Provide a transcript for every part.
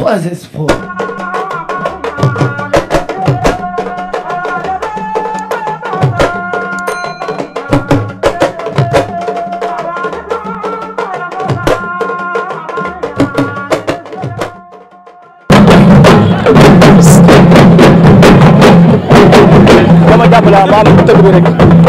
3S Pro. jàppale baal tëgg bi rek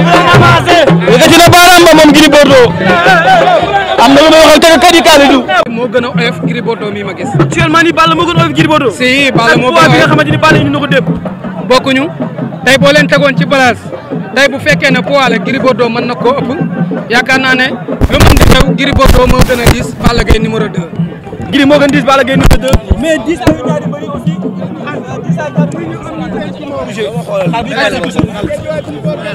yëkkati na baaraam ba moom Gris Bordeaux am na lu may waxal tëggkat yi Kalidou. moo gën a oyof Gris Bordeaux mi ma gis. actuellement nii Balla moo gën a oyof Gris Bordeaux. si Balla moo gën a oyof bi nga xamante ni Balla ñu ko dépp. bokkuñu tey boo leen tegoon ci balance tey bu fekkee ne poids la Gris mën na ko ëpp yaakaar naa ne lu mën di xew Gris Bordeaux moo gën a gis Balla Gaye numéro 2. Gris moo gën diis Balla Gaye numéro 2 mais diis ak yu daal di bëri aussi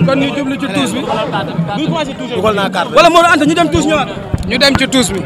kon ñu jublu ci tuus bi. bu ñu commencé tuus wala moo ante ñu dem tuus ñëwaat. ñu dem ci tuus bi.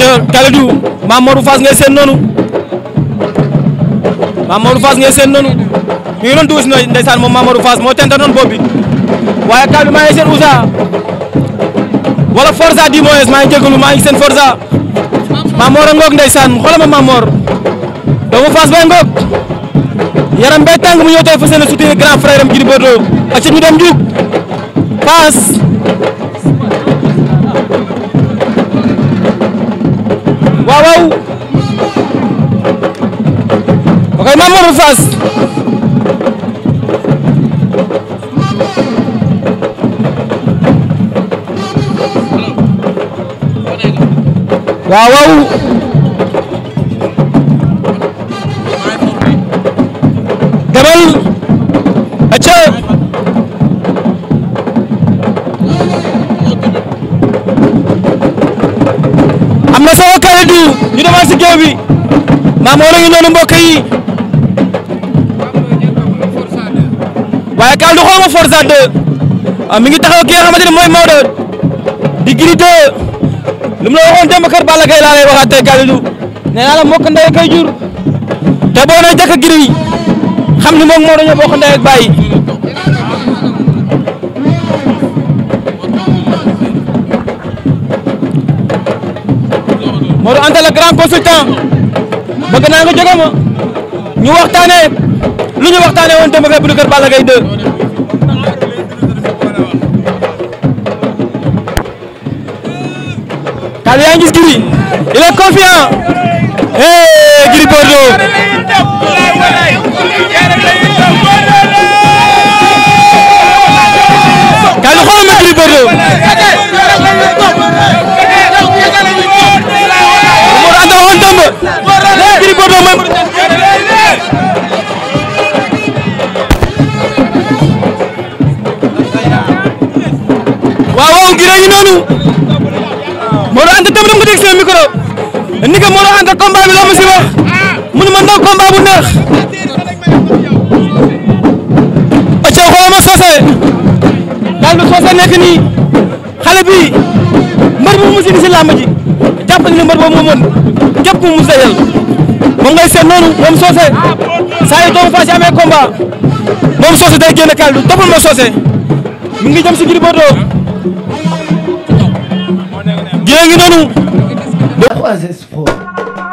aca Kalidou Mame Modou Fass ngay seen noonu Mame Modou Fass ngay seen noonu mi ngi doon dugg si na ndeysaan moom Mame Modou moo tenta noon boobu waaye Kalidou maa ngi seen Ousa wala Forza di moyes maa ngi jégalu maa ngi seen Forza Mame Mor a ngoog ndeysaan xoolal ma doomu Fass bay ngoog yaram bay tàng mu ñëw tey fa seen a soutenir grand frère am Gris Bordeaux aca ñu dem Ndiouk Fass gaaw ok Mame Momadou Fass waaw waaw demal acca devant si géew bi Mame Mor a ngi mbokk yi waaye Kaldu xawma Forza 2 ah, mi ngi taxaw ki nga xamante ne mooy Maodo di Gris 2 lu mu la waxoon démb kër Balla Gaye laa waxaat tey Kaldu nee naa la mbokk ndey kay jur te boo nee jëkk Gris xam ni moom Maodo ñoo bokk ndey ak bàyyi Modou Anta la grand consultant bëgg naa nga jóge ma ñu waxtaanee lu ñu waxtaanee woon démb bu kër Balla Gaye 2. Taal yaa ngi gis Gris il est confiant eh Gris Bordeaux. dégg seen micro ni ko moo la ànd bi loo si wax mu ne ma ndaw bu neex acca xoolal ma Socé daal ma Socé nekk nii xale bi mbër bu mu si si làmb ji jàpp ni mbër boobu moo mën mu mu seyal moom ngay seet noonu moom Socé saa yu faa si amee combat moom Socé day génn kàddu toppal ma Socé mi ngi si Gris Bordeaux géej gi noonu.